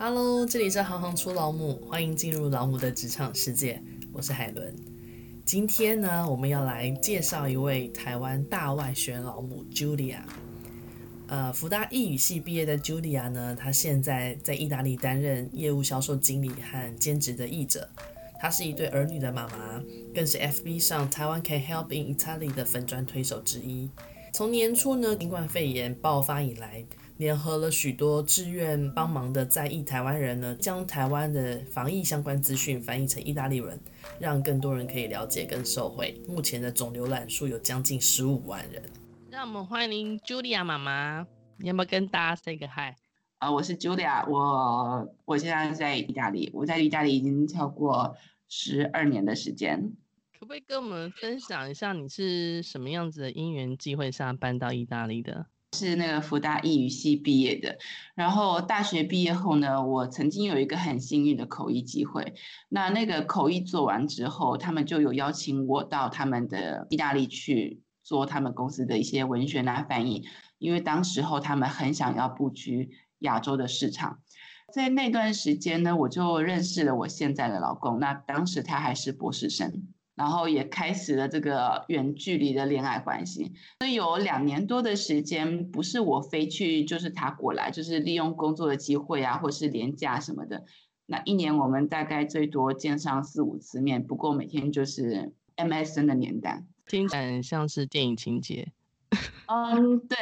Hello，這裡是行行出老母，歡迎進入老母的職場世界。我是海倫。今天呢，我們要來介紹一位台灣大外宣老母 Julia。呃，輔大義語系畢業的 Julia 呢，她現在在意大利擔任業務銷售經理和兼職的譯者。她是一對兒女的媽媽，更是 FB 上台灣 can help in Italy 的粉專推手之一。從年初呢，新冠肺炎爆發以來，聯合了許多志願幫忙的在義台灣人呢，將台灣的防疫相關資訊翻譯成意大利文，讓更多人可以了解跟受惠。目前的總瀏覽數有將近十五萬人。讓我們歡迎 Julia 媽媽，你要不要跟大家 say 個 hi？啊、呃，我是 Julia，我我現在在意大利，我在意大利已經超過十二年的時間。可不可以跟我們分享一下，你是什麼樣子的因緣際會下搬到意大利的？是那個輔大義語系畢業的，然後大學畢業後呢，我曾經有一個很幸運的口譯機會。那那個口譯做完之後，他們就有邀請我到他們的意大利，去做他們公司的一些文學啊翻譯，因為當時候他們很想要佈局亞洲的市場。在那段時間呢，我就認識了我現在的老公，那當時他還是博士生。然後也開始了這個遠距離的戀愛關係，所以有兩年多的時間，不是我飛去就是他過來，就是利用工作的機會啊，或是連假什麼的。那一年我們大概最多見上四五次面，不過每天就是 M S N 的年代，聽起來像是電影情節。嗯、 um,，對，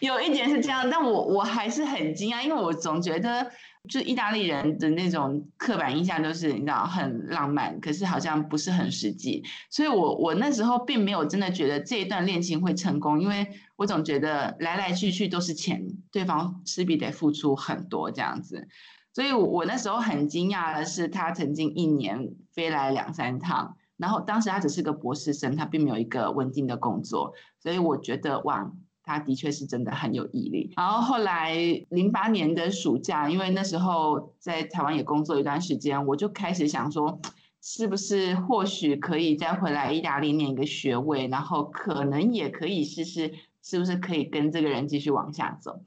有一點是這樣，但我我還是很驚訝，因為我總覺得。就意大利人的那種刻板印象都、就是，你知道，很浪漫，可是好像不是很實際。所以我，我我那時候並沒有真的覺得這一段戀情會成功，因為我總覺得來來去去都是錢，對方勢必得付出很多這樣子。所以我，我我那時候很驚訝的是，他曾經一年飛來兩三趟，然後當時他只是個博士生，他並沒有一個穩定的工作，所以我覺得哇。他的確是真的很有毅力。然後後來零八年的暑假，因為那時候在台灣也工作一段時間，我就開始想說，是不是或許可以再回來意大利念一個學位，然後可能也可以試試，是不是可以跟這個人繼續往下走。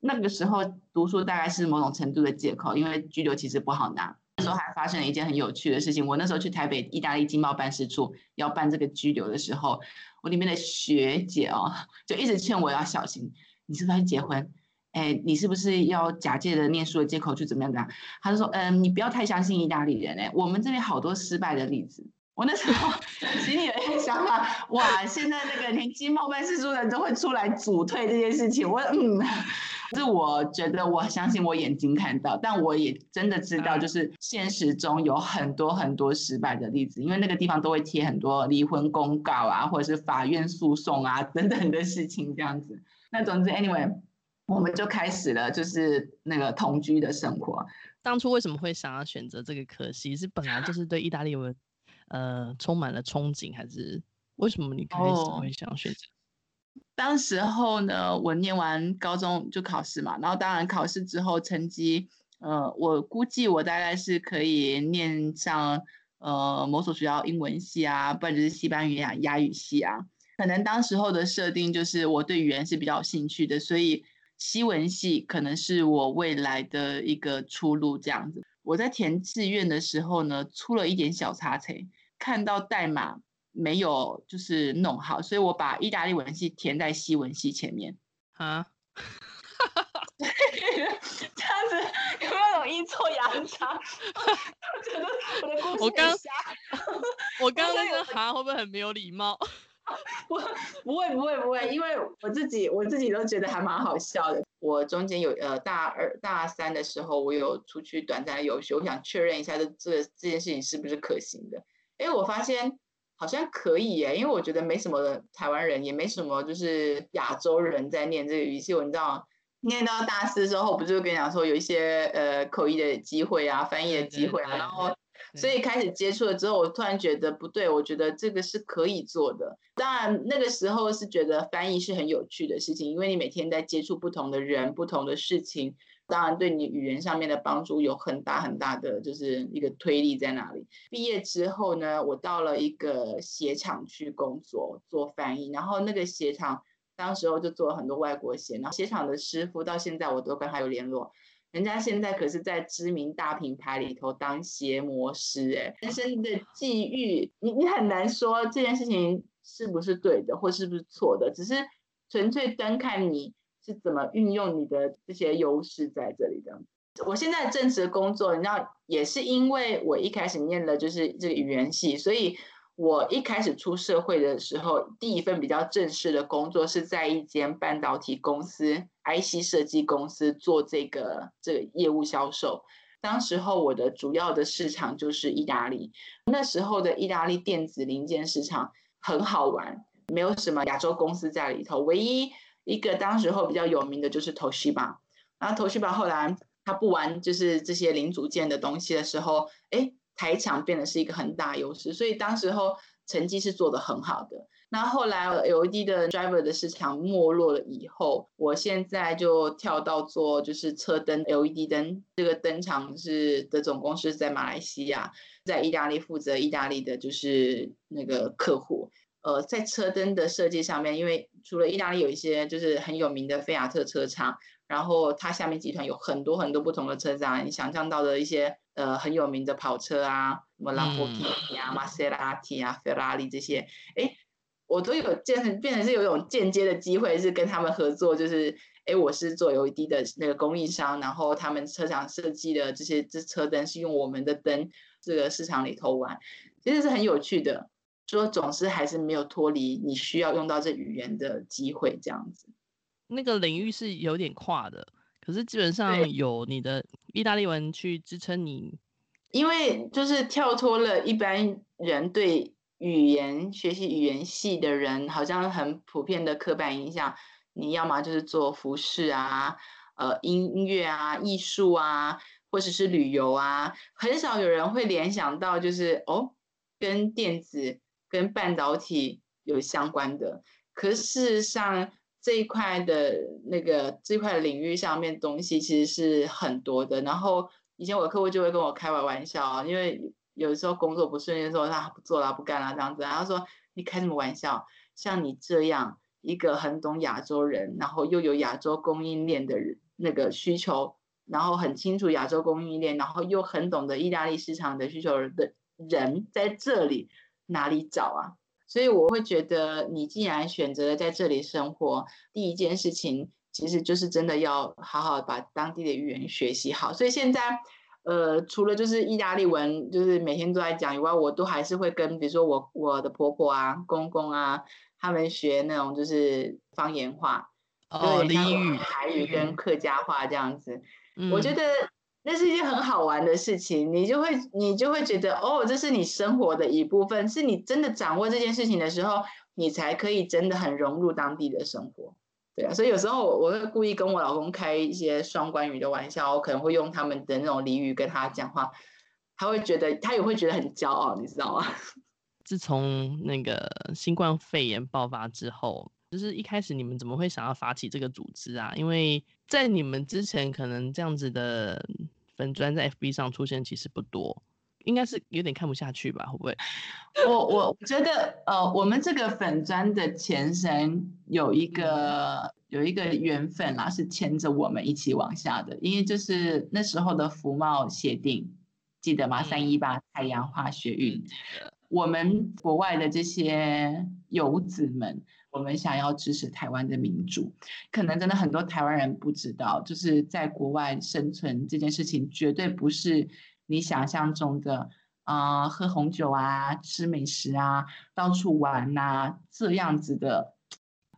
那個時候讀書大概是某種程度的借口，因為居留其實不好拿。那時候還發生了一件很有趣的事情，我那時候去台北意大利經貿辦事處要辦這個居留的時候。我裡面的學姐哦，就一直勸我要小心，你是不是要結婚？誒、欸、你是不是要假借着念書的借口去怎麼樣？怎樣？他就說，嗯，你不要太相信意大利人誒、欸、我們這裡好多失敗的例子。我那時候心裡有一點想法， 哇，現在那個連經貿辦事處的人都會出來主推這件事情，我嗯。是我覺得我相信我眼睛看到，但我也真的知道，就是現實中有很多很多失敗的例子，因為那個地方都會貼很多離婚公告啊，或者是法院訴訟啊等等的事情這樣子。那總之，anyway，我們就開始了就是那個同居的生活。當初為什麼會想要選擇這個科系？是本來就是對意大利文，呃，充滿了憧憬，還是為什麼你開始會想選擇？Oh. 當時候呢，我念完高中就考試嘛，然後當然考試之後成績，呃，我估計我大概是可以念上呃某所學校英文系啊，不然就是西班牙語啊、雅語系啊。可能當時候的設定就是我對語言是比較有興趣的，所以西文系可能是我未來的一個出路這樣子。我在填志願的時候呢，出了一點小差錯，看到代碼。沒有，就是弄好，所以我把意大利文系，填在西文系前面。啊， 這樣子有沒有那種陰錯陽差？我剛，我剛剛那個哈會不會很沒有禮貌不？不會，不會，不會，因為我自己我自己都覺得還蠻好笑的。 我中間有呃大二大三的時候，我有出去短暫遊學，我想確認一下這這這件事情是不是可行的。因為，我發現。 好像可以耶，因為我覺得沒什麼台灣人，也沒什麼就是亞洲人在念這個語系。我知道，念到大四之後，不是就跟你講說有一些呃口譯的機會啊，翻譯的機會啊，嗯、然後所以開始接觸了之後，我突然覺得不對，我覺得這個是可以做的。當、嗯、然那個時候是覺得翻譯是很有趣的事情，因為你每天在接觸不同的人、不同的事情。當然，對你語言上面的幫助有很大很大的，就是一個推力在那裡。畢業之後呢，我到了一個鞋廠去工作，做翻譯。然後那個鞋廠，當時候就做了很多外國鞋。然後鞋廠的師傅到現在我都跟他有聯絡，人家現在可是在知名大品牌裡頭當鞋模師。哎，人生的際遇，你你很難說這件事情是不是對的，或是不是錯的，只是純粹單看你，是怎麼運用你的這些優勢在這裡的？我現在正式工作，你知道，也是因為我一開始念的就是這個語言系，所以我一開始出社會的時候，第一份比較正式的工作是在一間半導體公司 IC 設計公司做這個這個業務銷售。當時候我的主要的市場就是意大利，那時候的意大利電子零件市場很好玩，沒有什麼亞洲公司在裡頭，唯一。一個當時候比較有名的就是 Toshiba，然後 Toshiba 後來他不玩，就是這些零組件的東西的時候，哎，台廠變得是一個很大優勢，所以當時候成績是做的很好的。那後來 LED 的 driver 的市場沒落了以後，我現在就跳到做就是車燈 LED 燈，這個燈廠是的總公司在馬來西亞，在意大利負責意大利的，就是那個客戶。呃，在車燈的設計上面，因為除了意大利有一些就是很有名的菲亞特車廠，然後它下面集團有很多很多不同的車廠，你想象到的一些呃很有名的跑車啊，什麼蘭博基尼啊、瑪莎拉蒂啊、法拉利這些，哎、嗯，我都有變變成是有一種間接的機會是跟他們合作，就是哎，我是做 LED 的那個供應商，然後他們車廠設計的這些這車燈是用我們的燈，這個市場裡頭玩，其實是很有趣的。說總是還是沒有脫離你需要用到這語言的機會，這樣子。那個領域是有點跨的，可是基本上有你的意大利文去支撐你，因為就是跳脫了一般人對語言學習語言系的人好像很普遍的刻板印象，你要麼就是做服飾啊、呃音樂啊、藝術啊，或者是旅遊啊，很少有人會聯想到就是哦跟電子。跟半導體有相關的，可是像這一塊的那個這塊領域上面東西其實是很多的。然後以前我的客戶就會跟我開玩玩笑，因為有時候工作不順利，說、啊、他不做了不幹了這樣子。他說你開什麼玩笑？像你這樣一個很懂亞洲人，然後又有亞洲供應鏈的人那個需求，然後很清楚亞洲供應鏈，然後又很懂得意大利市場的需求的人在這裡。哪裡找啊？所以我會覺得，你既然選擇了在這裡生活，第一件事情其實就是真的要好好把當地的語言學習好。所以現在，呃，除了就是意大利文，就是每天都在講以外，我都還是會跟，比如說我我的婆婆啊、公公啊，他們學那種就是方言話，哦，對，還有台語跟客家話這樣子。嗯。我覺得。那是一件很好玩的事情，你就會你就會覺得哦，這是你生活的一部分。是你真的掌握這件事情的時候，你才可以真的很融入當地的生活。對啊，所以有時候我會故意跟我老公開一些雙關語的玩笑，我可能會用他們的那種俚語跟他講話，他會覺得他也會覺得很驕傲，你知道嗎？自從那個新冠肺炎爆發之後，就是一開始你們怎麼會想要發起這個組織啊？因為在你們之前可能這樣子的。粉專在 FB 上出現其實不多，應該是有點看不下去吧？會不會？ 我我覺得，呃，我們這個粉專的前身有一個有一個緣分啦，是牽着我們一起往下的，因為就是那時候的服貿協定，記得嗎？三一八太陽花學運，我們國外的這些遊子們。我們想要支持台灣的民主，可能真的很多台灣人不知道，就是在國外生存這件事情絕對不是你想象中的啊、呃，喝紅酒啊，吃美食啊，到處玩吶、啊、這樣子的。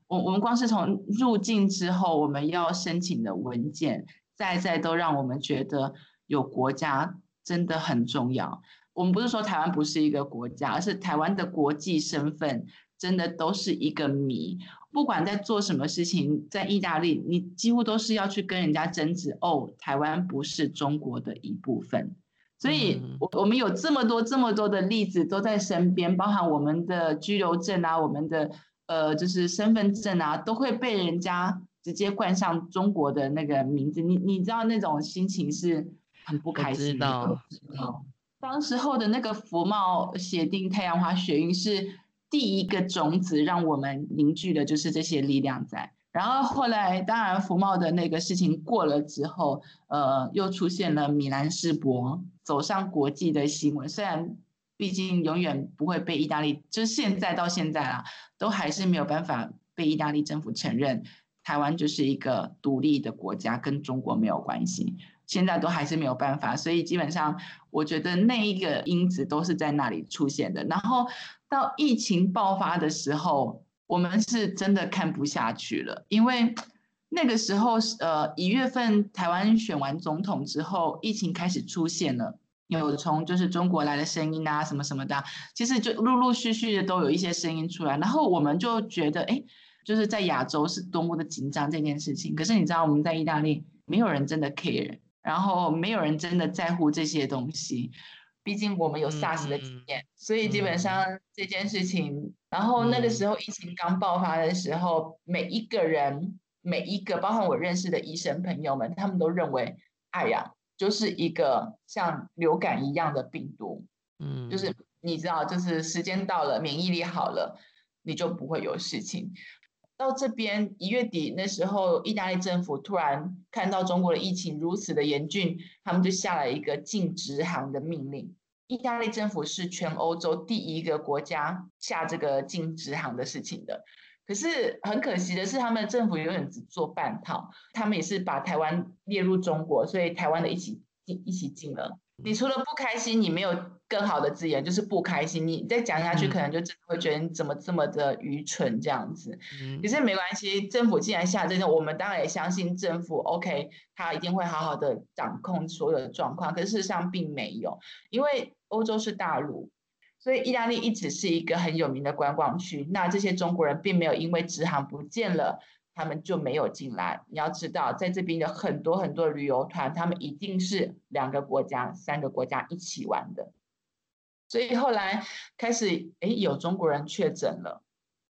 我我們光是從入境之後，我們要申請的文件，再再都讓我們覺得有國家真的很重要。我們不是說台灣不是一個國家，而是台灣的國際身份。真的都是一個謎，不管在做什麼事情，在意大利，你幾乎都是要去跟人家爭執。哦，台灣不是中國的一部分，所以，嗯、我我們有這麼多這麼多的例子都在身邊，包含我們的居留證啊，我們的呃，就是身份證啊，都會被人家直接冠上中國的那個名字。你你知道那種心情是很不開心的。嗯。當時候的那個服貿協定、太陽花學運是。第一個種子，讓我們凝聚的就是這些力量在，然後後來當然服貿的那個事情過了之後，呃，又出現了米蘭世博走上國際的新聞。雖然畢竟永遠不會被意大利，就現在到現在啊，都還是沒有辦法被意大利政府承認台灣就是一個獨立的國家，跟中國沒有關係。現在都還是沒有辦法，所以基本上我覺得那一個因子都是在那裡出現的，然後。到疫情爆發的時候，我們是真的看不下去了，因為那個時候是呃一月份台灣選完總統之後，疫情開始出現了，有從就是中國來的聲音啊什麼什麼的，其實就陸陸續續的都有一些聲音出來，然後我們就覺得哎，就是在亞洲是多麼的緊張這件事情，可是你知道我們在意大利沒有人真的 care，然後沒有人真的在乎這些東西。畢竟我們有 SARS 的經驗，嗯，所以基本上這件事情，嗯。然後那個時候疫情剛爆發的時候，嗯、每一個人、每一個，包括我認識的醫生朋友們，他們都認為，哎呀，就是一個像流感一樣的病毒，嗯，就是你知道，就是時間到了，免疫力好了，你就不會有事情。到這邊一月底那時候，意大利政府突然看到中國的疫情如此的嚴峻，他們就下了一個禁直航的命令。意大利政府是全歐洲第一個國家下這個禁直航的事情的，可是很可惜的是，他們政府永遠只做半套，他們也是把台灣列入中國，所以台灣的一起一一起禁了。你除了不開心，你沒有更好的字眼，就是不開心。你再講下去、嗯，可能就真的會覺得你怎麼這麼的愚蠢這樣子。可是沒關係，政府既然下這個，我們當然也相信政府 OK，他一定會好好的掌控所有的狀況。可事實上並沒有，因為。歐洲是大陸，所以意大利一直是一個很有名的觀光區。那這些中國人並沒有因為直航不見了，他們就沒有進來。你要知道，在這邊的很多很多旅遊團，他們一定是兩個國家、三個國家一起玩的。所以後來開始，哎，有中國人確診了，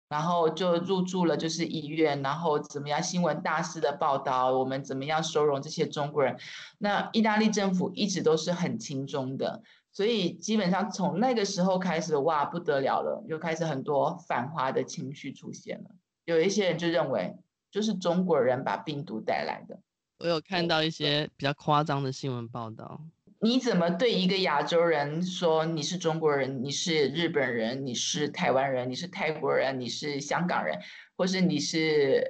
然後就入住了，就是醫院，然後怎麼樣？新聞大肆的報道，我們怎麼樣收容這些中國人？那意大利政府一直都是很親中的。所以基本上從那個時候開始，哇，不得了了，就開始很多反華的情緒出現了。有一些人就認為，就是中國人把病毒帶來的。我有看到一些比較誇張的新聞報道。你怎麼對一個亞洲人說你是中國人？你是日本人？你是台灣人？你是泰國人？你是香港人？或是你是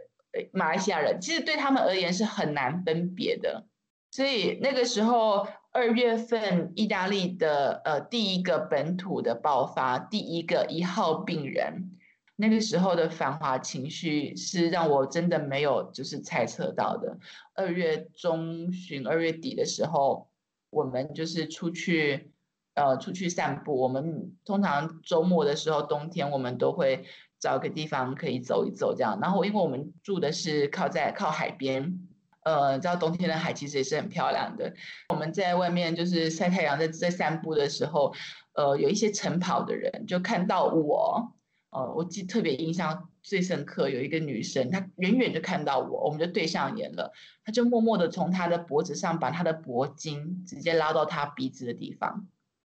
馬來西亞人？其實對他們而言是很難分別的。所以那個時候。二月份，意大利的呃第一個本土的爆發，第一個一號病人，那個時候的繁華情緒是讓我真的沒有就是猜測到的。二月中旬、二月底的時候，我們就是出去，呃，出去散步。我們通常週末的時候，冬天我們都會找個地方可以走一走這樣。然後因為我們住的是靠在靠海邊。呃，知道冬天的海其實也是很漂亮的。我們在外面就是曬太陽，在在散步的時候，呃，有一些晨跑的人就看到我，呃，我記得特別印象最深刻，有一個女生，她遠遠就看到我，我們就對上眼了。她就默默地從她的脖子上把她的脖巾直接拉到她鼻子的地方，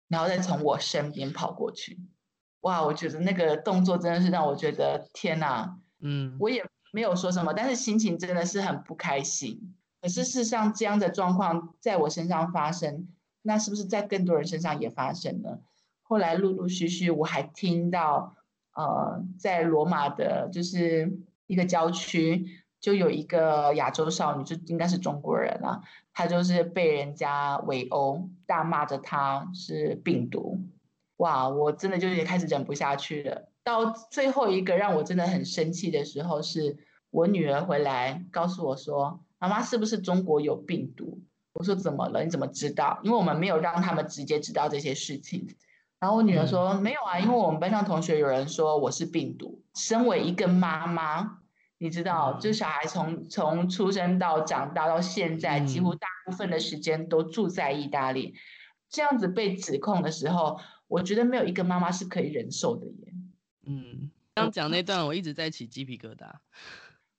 然後再從我身邊跑過去。哇，我覺得那個動作真的是讓我覺得天哪、啊，嗯，我也。沒有說什麼，但是心情真的是很不開心。可是事實上，這樣的狀況在我身上發生，那是不是在更多人身上也發生呢？後來陸陸續續，我還聽到，呃，在羅馬的就是一個郊區，就有一個亞洲少女，就應該是中國人了啊，她就是被人家圍毆，大罵着她是病毒。哇，我真的就也開始忍不下去了。到最後一個讓我真的很生氣的時候是，是我女兒回來告訴我說：“媽媽，是不是中國有病毒？”我說：“怎麼了？你怎麼知道？”因為我們沒有讓他們直接知道這些事情。然後我女兒說：“嗯、沒有啊，因為我們班上同學有人說我是病毒。”身為一個媽媽，你知道，這、嗯、小孩從從出生到長大到現在，幾乎大部分的時間都住在意大利、嗯，這樣子被指控的時候，我覺得沒有一個媽媽是可以忍受的耶。嗯，剛講那段我一直在起雞皮疙瘩。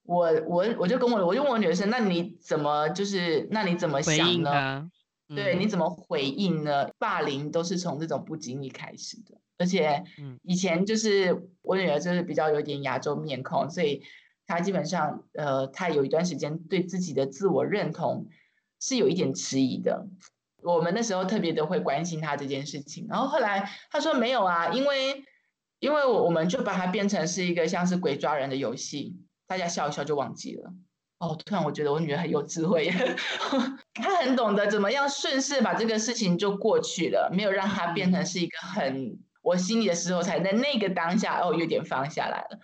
我我我就跟我我就問我女兒說：“那你怎麼就是那你怎麼想呢、嗯？對，你怎麼回應呢？霸凌都是從這種不經意開始的，而且以前就是我女兒就是比較有點亞洲面孔，所以她基本上呃她有一段時間對自己的自我認同是有一點遲疑的。我們那時候特別的會關心她這件事情，然後後來她說沒有啊，因為。因為我我們就把它變成是一個像是鬼抓人的遊戲，大家笑一笑就忘記了。哦，突然我覺得我女兒很有智慧，她很懂得怎麼樣順勢把這個事情就過去了，沒有讓它變成是一個很我心裡的時候，才在那個當下，哦，有點放下來了。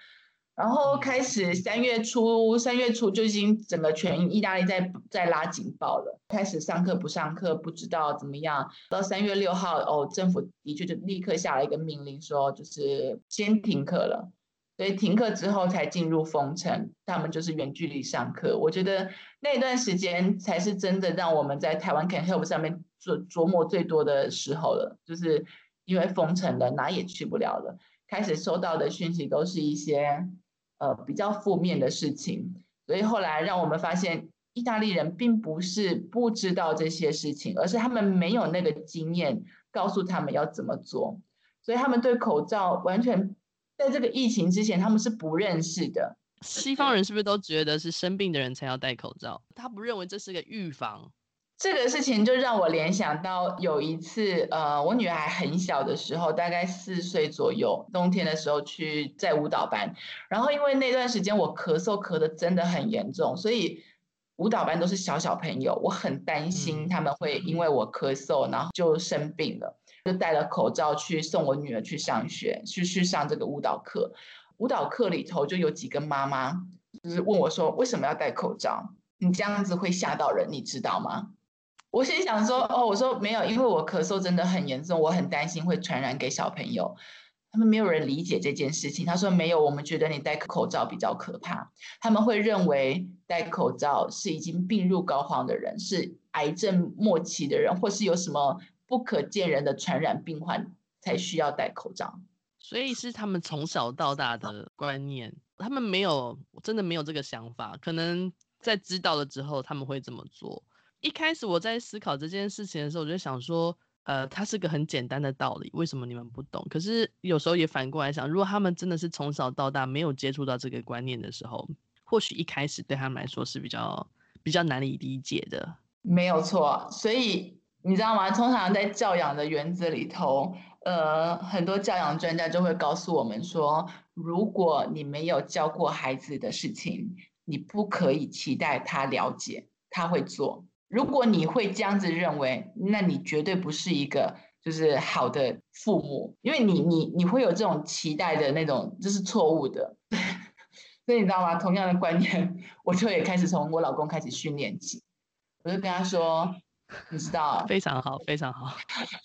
然後開始三月初，三月初就已經整個全意大利在在拉警報了，開始上課不上課，不知道怎麼樣。到三月六號，哦，政府的確就立刻下了一個命令，說就是先停課了。所以停課之後才進入封城，他們就是遠距離上課。我覺得那段時間才是真的讓我們在台灣 can help 上面琢琢磨最多的時候了，就是因為封城了，哪也去不了了。開始收到的訊息都是一些。呃，比較負面的事情，所以後來讓我們發現，意大利人並不是不知道這些事情，而是他們沒有那個經驗告訴他們要怎麼做，所以他們對口罩完全，在這個疫情之前他們是不認識的。西方人是不是都覺得是生病的人才要戴口罩？他不認為這是個預防。這個事情就讓我聯想到有一次，呃，我女兒很小的時候，大概四歲左右，冬天的時候去在舞蹈班，然後因為那段時間我咳嗽咳得真的很嚴重，所以舞蹈班都是小小朋友，我很擔心他們會因為我咳嗽，嗯，然後就生病了，就戴了口罩去送我女兒去上學，去去上這個舞蹈課，舞蹈課裡頭就有幾個媽媽就是問我說，嗯，為什麼要戴口罩？你這樣子會嚇到人，你知道嗎？我心想說，哦，我說沒有，因為我咳嗽真的很嚴重，我很擔心會傳染給小朋友。他們沒有人理解這件事情。他說沒有，我們覺得你戴口罩比較可怕，他們會認為戴口罩是已經病入膏肓的人，是癌症末期的人，或是有什麼不可見人的傳染病患才需要戴口罩。所以是他們從小到大的觀念，他們沒有真的沒有這個想法，可能在知道了之後他們會這麼做。一開始我在思考這件事情的時候，我就想說，呃，它是個很簡單的道理，為什麼你們不懂？可是有時候也反過來想，如果他們真的是從小到大沒有接觸到這個觀念的時候，或許一開始對他們來說是比較比較難以理解的。沒有錯，所以你知道嗎？通常在教養的原則裡頭，呃，很多教養專家就會告訴我們說，如果你沒有教過孩子的事情，你不可以期待他了解，他會做。如果你會這樣子認為，那你絕對不是一個就是好的父母，因為你你你會有這種期待的那種，這是錯誤的。所 以你知道嗎？同樣的觀念，我就也開始從我老公開始訓練起，我就跟他說，你知道，非常好，非常好。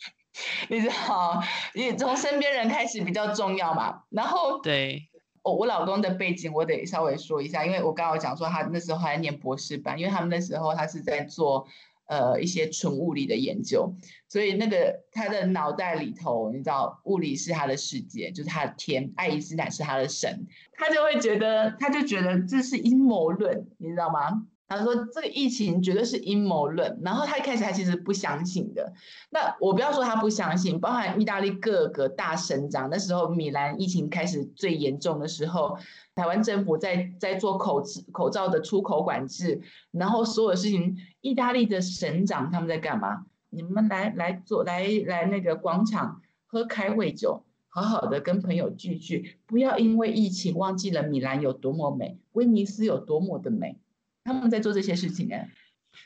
你知道，你從身邊人開始比較重要嘛。然後對。我、哦、我老公的背景我得稍微說一下，因為我剛剛講說他那時候還在念博士班。因為他們那時候他是在做呃一些純物理的研究，所以那個他的腦袋裡頭，你知道物理是他的世界，就是他的天，愛因斯坦是他的神，他就會覺得他就覺得這是陰謀論，你知道嗎？他說：“這個疫情絕對是陰謀論。”然後他一開始他其實不相信的。那我不要說他不相信，包含意大利各個大省長，那時候米蘭疫情開始最嚴重的時候，台灣政府在在做口制口罩的出口管制，然後所有事情，意大利的省長他們在幹嘛？你們來來做來來那個廣場喝開胃酒，好好的跟朋友聚聚，不要因為疫情忘記了米蘭有多麼美，威尼斯有多麼的美。”他們在做這些事情哎，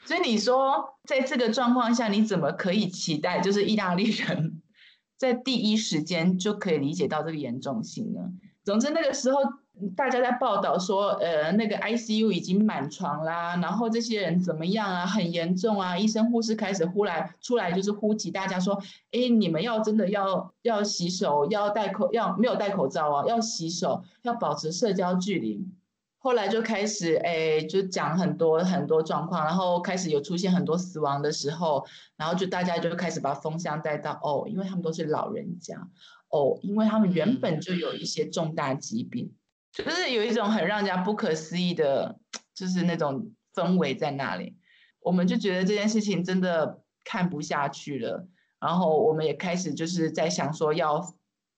所以你說在這個狀況下，你怎麼可以期待就是意大利人在第一時間就可以理解到這個嚴重性呢？總之那個時候大家在報道說，呃，那個 ICU 已經滿床啦，然後這些人怎麼樣啊，很嚴重啊，醫生護士開始呼來出來就是呼籲大家說，哎，你們要真的要要洗手，要戴口要沒有戴口罩啊，要洗手，要保持社交距離。後來就開始哎，就講很多很多狀況，然後開始有出現很多死亡的時候，然後就大家就開始把風向帶到哦，因為他們都是老人家，哦，因為他們原本就有一些重大疾病，就是有一種很讓人家不可思議的，就是那種氛圍在那裡，我們就覺得這件事情真的看不下去了，然後我們也開始就是在想說要，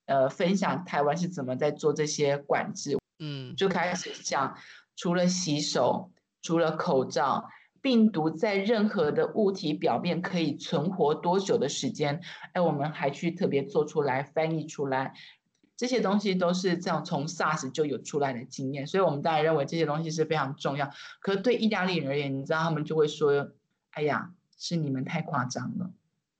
呃，分享台灣是怎麼在做這些管制。嗯，就開始講，除了洗手，除了口罩，病毒在任何的物體表面可以存活多久的時間？哎，我們還去特別做出來翻譯出來，這些東西都是這樣從 SARS 就有出來的經驗，所以我們大家認為這些東西是非常重要。可對意大利人而言，你知道他們就會說：“哎呀，是你們太誇張了，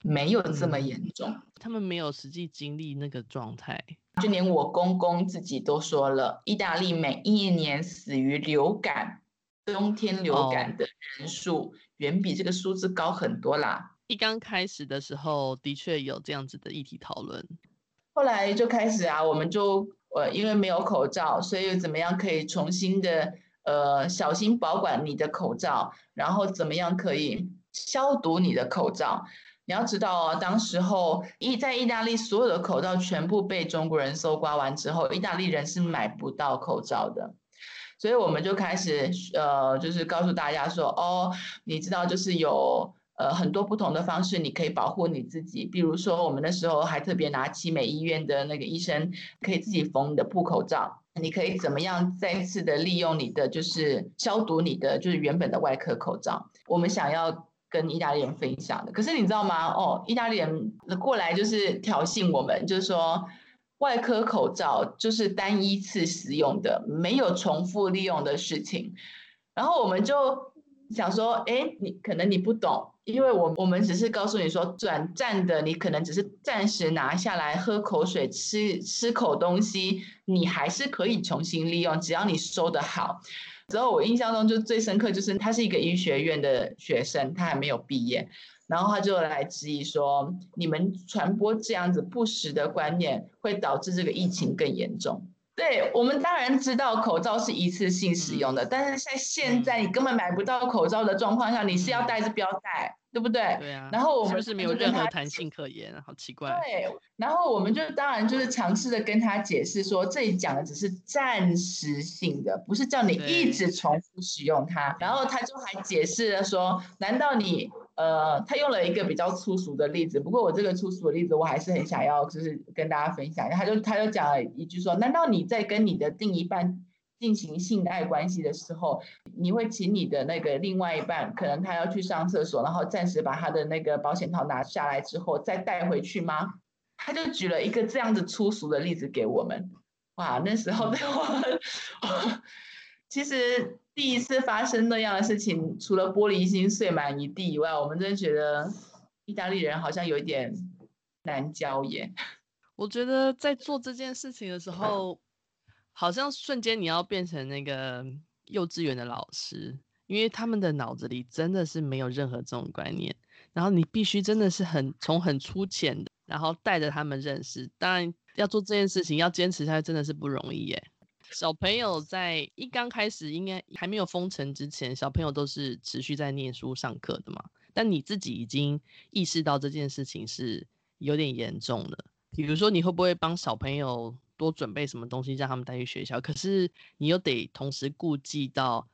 沒有這麼嚴重，嗯，他們沒有實際經歷那個狀態。”就連我公公自己都說了，意大利每一年死於流感、冬天流感的人數遠比這個數字高很多啦。一剛開始的時候，的確有這樣子的議題討論，後來就開始啊，我們就，呃，因為沒有口罩，所以怎麼樣可以重新的，呃，小心保管你的口罩，然後怎麼樣可以消毒你的口罩。你要知道哦，當時候在意大利，所有的口罩全部被中國人搜刮完之後，意大利人是買不到口罩的，所以我們就開始呃，就是告訴大家說，哦，你知道，就是有呃很多不同的方式，你可以保護你自己。比如說，我們那時候還特別拿奇美醫院的那個醫生可以自己縫你的布口罩，你可以怎麼樣再次的利用你的，就是消毒你的，就是原本的外科口罩。我們想要。跟意大利人分享的，可是你知道嗎？哦，意大利人過來就是挑釁我們，就是說外科口罩就是單一次使用的，沒有重複利用的事情。然後我們就想說，哎，你可能你不懂，因為我我們只是告訴你說，短暫的，你可能只是暫時拿下來喝口水、吃吃口東西，你還是可以重新利用，只要你收得好。之後我印象中就最深刻，就是他是一個醫學院的學生，他還沒有畢業，然後他就來質疑說：你們傳播這樣子不實的觀念，會導致這個疫情更嚴重。對，我們當然知道口罩是一次性使用的，但是在現在你根本買不到口罩的狀況下，你是要戴是不要戴？對不對？對啊。然後我們就是，是沒有任何彈性可言，好奇怪。對，然後我們就當然就是嘗試著跟他解釋說，這裡講的只是暫時性的，不是叫你一直重複使用它。然後他就還解釋了說，難道你呃，他用了一個比較粗俗的例子，不過我這個粗俗的例子我還是很想要就是跟大家分享。他就他就講了一句說，難道你在跟你的另一半？進行性愛關係的時候，你會請你的那個另外一半，可能他要去上廁所，然後暫時把他的那個保險套拿下來之後再帶回去嗎？他就舉了一個這樣子粗俗的例子給我們。哇，那時候的話，其實第一次發生那樣的事情，除了玻璃心碎滿一地以外，我們真的覺得意大利人好像有一點難教耶，我覺得在做這件事情的時候。嗯，好像瞬間你要變成那個幼稚園的老師，因為他們的腦子裡真的是沒有任何這種觀念，然後你必須真的是很從很粗淺的，然後帶着他們認識。當然要做這件事情，要堅持下來真的是不容易耶。小朋友在一剛開始應該還沒有封城之前，小朋友都是持續在念書上課的嘛。但你自己已經意識到這件事情是有點嚴重的，比如說你會不會幫小朋友？多準備什麼東西讓他們帶去學校，可是你又得同時顧及到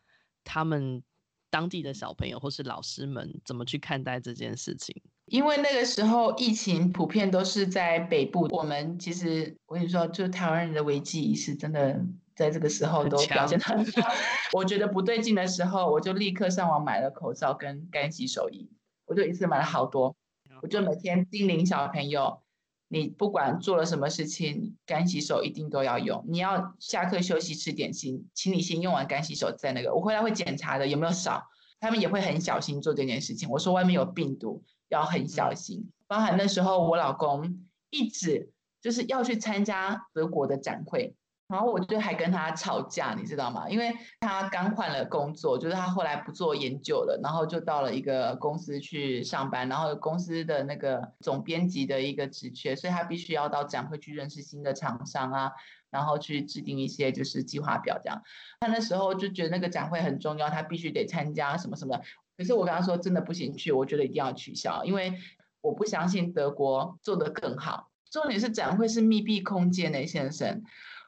他們當地的小朋友或是老師們怎麼去看待這件事情。因為那個時候疫情普遍都是在北部，我們其實我跟你說，就台灣人的危機意識真的在這個時候都表現得很強。 我覺得不對勁的時候，我就立刻上網買了口罩跟乾洗手液，我就一次買了好多，我就每天叮嚀小朋友。你不管做了什麼事情，乾洗手一定都要用。你要下課休息吃點心，請你先用完乾洗手再那個。我回來會檢查的，有沒有少？他們也會很小心做這件事情。我說外面有病毒，要很小心。包含那時候我老公一直就是要去參加德國的展會。然後我就還跟他吵架，你知道嗎？因為他剛換了工作，就是他後來不做研究了，然後就到了一個公司去上班，然後公司的那個總編輯的一個職缺，所以他必須要到展會去認識新的廠商啊，然後去制定一些就是計劃表這樣。他那時候就覺得那個展會很重要，他必須得參加什麼什麼。可是我跟他說真的不行去，我覺得一定要取消，因為我不相信德國做得更好。重點是展會是密閉空間的、欸，先生。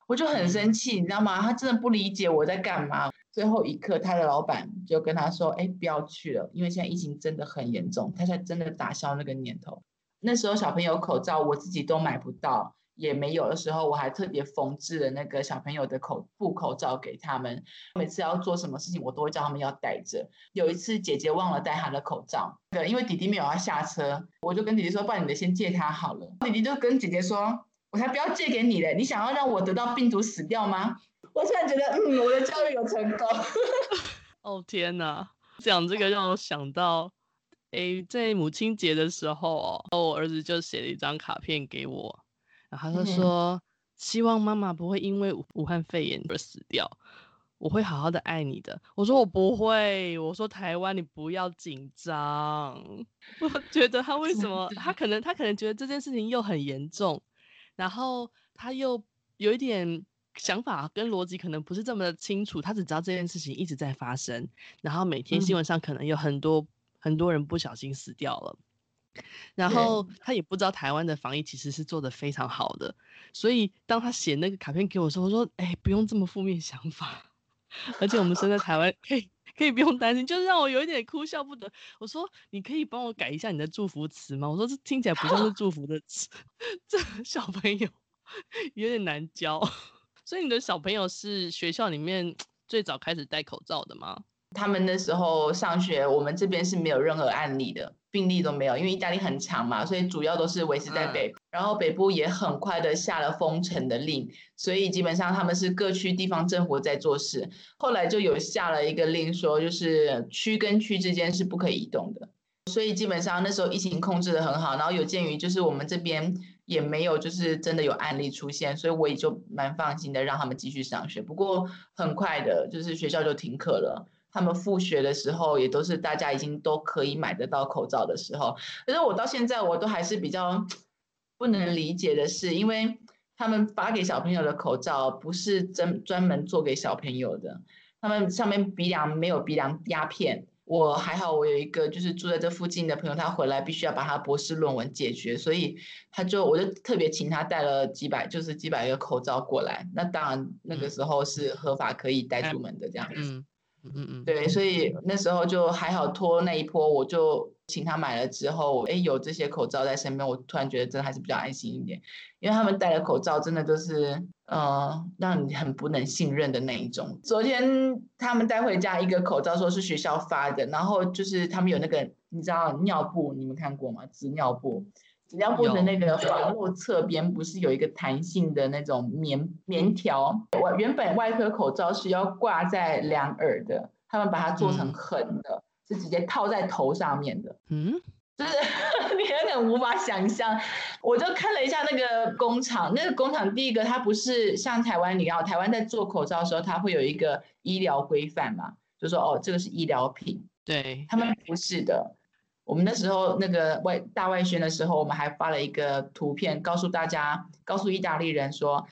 我就很生氣，你知道嗎？他真的不理解我在幹嘛。最後一刻，他的老闆就跟他說：“哎、欸，不要去了，因為現在疫情真的很嚴重。”他才真的打消那個念頭。那時候小朋友口罩我自己都買不到，也沒有的時候，我還特別縫制了那個小朋友的口布口罩給他們。每次要做什麼事情，我都會叫他們要戴着。有一次姐姐忘了戴她的口罩，對，因為弟弟沒有要下車，我就跟弟弟說：“不然你先借他好了。”弟弟就跟姐姐說。我才不要借給你嘞！你想要讓我得到病毒死掉嗎？我突然覺得，嗯，我的教育有成功。 哦天哪！講這個讓我想到，哎、啊，在母親節的時候，哦，我兒子就寫了一張卡片給我，然後他就說、嗯：“希望媽媽不會因為武武漢肺炎而死掉，我會好好的愛你的。”我說：“我不會。”我說：“台灣，你不要緊張。”我覺得他為什麼？ 他可能他可能覺得這件事情又很嚴重。然後他又有一點想法跟邏輯可能不是這麼清楚，他只知道這件事情一直在發生，然後每天新聞上可能有很多、嗯、很多人不小心死掉了，然後他也不知道台灣的防疫其實是做得非常好的、嗯，所以當他寫那個卡片給我說，我說哎不用這麼負面想法，而且我們生在台灣 可以不用擔心，就是讓我有一點哭笑不得。我說，你可以幫我改一下你的祝福詞嗎？我說，這聽起來不像是祝福的詞。 這小朋友有點難教，所以你的小朋友是學校裡面最早開始戴口罩的嗎？他們那時候上學，我們這邊是沒有任何案例的，病例都沒有，因為意大利很長嘛，所以主要都是維持在北，嗯、然後北部也很快的下了封城的令，所以基本上他們是各區地方政府在做事。後來就有下了一個令說，就是區跟區之間是不可以移動的，所以基本上那時候疫情控制得很好。然後有鑒於就是我們這邊也沒有就是真的有案例出現，所以我也就蠻放心的讓他們繼續上學。不過很快的就是學校就停課了。他們復學的時候，也都是大家已經都可以買得到口罩的時候。可是我到現在，我都還是比較不能理解的是，因為他們發給小朋友的口罩不是真專門做給小朋友的，他們上面鼻梁沒有鼻梁壓片。我還好，我有一個就是住在這附近的朋友，他，回來必須要把他博士論文解決，所以他就我就特別請他帶了幾百，就是幾百個口罩過來。那當然那個時候是合法可以帶出門的、嗯、這樣子。嗯嗯嗯，對，所以那時候就還好拖那一波，我就請他買了之後，哎，有這些口罩在身邊，我突然覺得真的還是比較安心一點，因為他們戴的口罩，真的就是嗯、呃，讓你很不能信任的那一種。昨天他們帶回家一個口罩，說是學校發的，然後就是他們有那個你知道尿布，你們看過嗎？紙尿布。紙尿布的那個防護側邊不是有一個彈性的那種棉棉條？我原本外科口罩是要掛在兩耳的，他們把它做成橫的，嗯，是直接套在頭上面的。嗯，就是你有點無法想象。我就看了一下那個工廠，那個工廠第一個，它不是像台灣你知道，台灣在做口罩的時候，它會有一個醫療規範嘛，就說哦這個是醫療品。對，他們不是的。我們那時候那個外大外宣的時候，我們還發了一個圖片，告訴大家，告訴意大利人說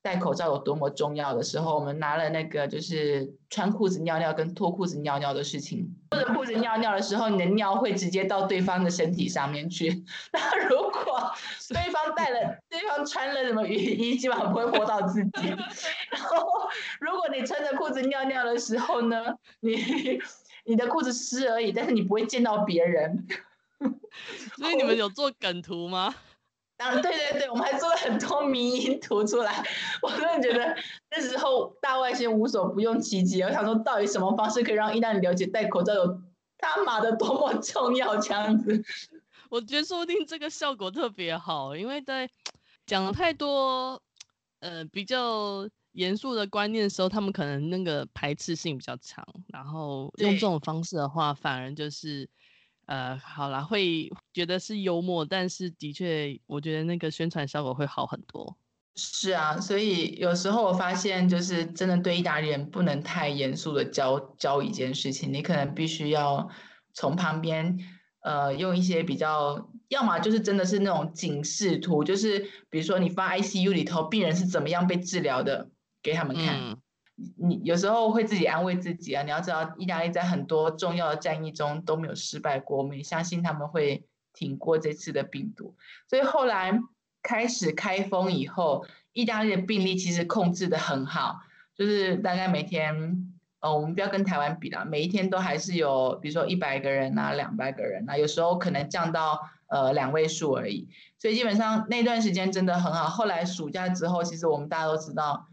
戴口罩有多麼重要的時候，我們拿了那個就是穿褲子尿尿跟脫褲子尿尿的事情。脫 着褲子尿尿的時候，你的尿會直接到對方的身體上面去。那如果對方戴了，對方穿了什麼雨衣，基本上不會潑到自己。 然後如果你穿着褲子尿尿的時候呢，你。你的褲子濕而已，但是你不會見到別人。 所以你們有做梗圖嗎？ 啊，對對對，我們還做了很多迷因圖出來。我真的覺得那時候大外宣無所不用其極，我想說到底什麼方式可以讓義大利了解戴口罩有他媽的多麼重要？這樣子，我覺得說不定這個效果特別好，因為在講了太多，呃，比較。嚴肅的觀念的時候，他們可能那個排斥性比較強。然後用這種方式的話，反而就是，呃，好啦，會覺得是幽默，但是的確，我覺得那個宣傳效果會好很多。是啊，所以有時候我發現，就是真的對意大利人不能太嚴肅的教教一件事情，你可能必須要從旁邊，呃，用一些比較，要麼就是真的是那種警示圖，就是比如說你發 ICU 裡頭病人是怎麼樣被治療的。給他們看。嗯，你有時候會自己安慰自己啊。你要知道，意大利在很多重要的戰役中都沒有失敗過，我們也相信他們會挺過這次的病毒。所以後來開始開封以後，意大利的病例其實控制得很好，就是大概每天哦，我們不要跟台灣比啦，每一天都還是有，比如說一百個人啊，兩百個人啊，有時候可能降到呃兩位數而已。所以基本上那段時間真的很好。後來暑假之後，其實我們大家都知道。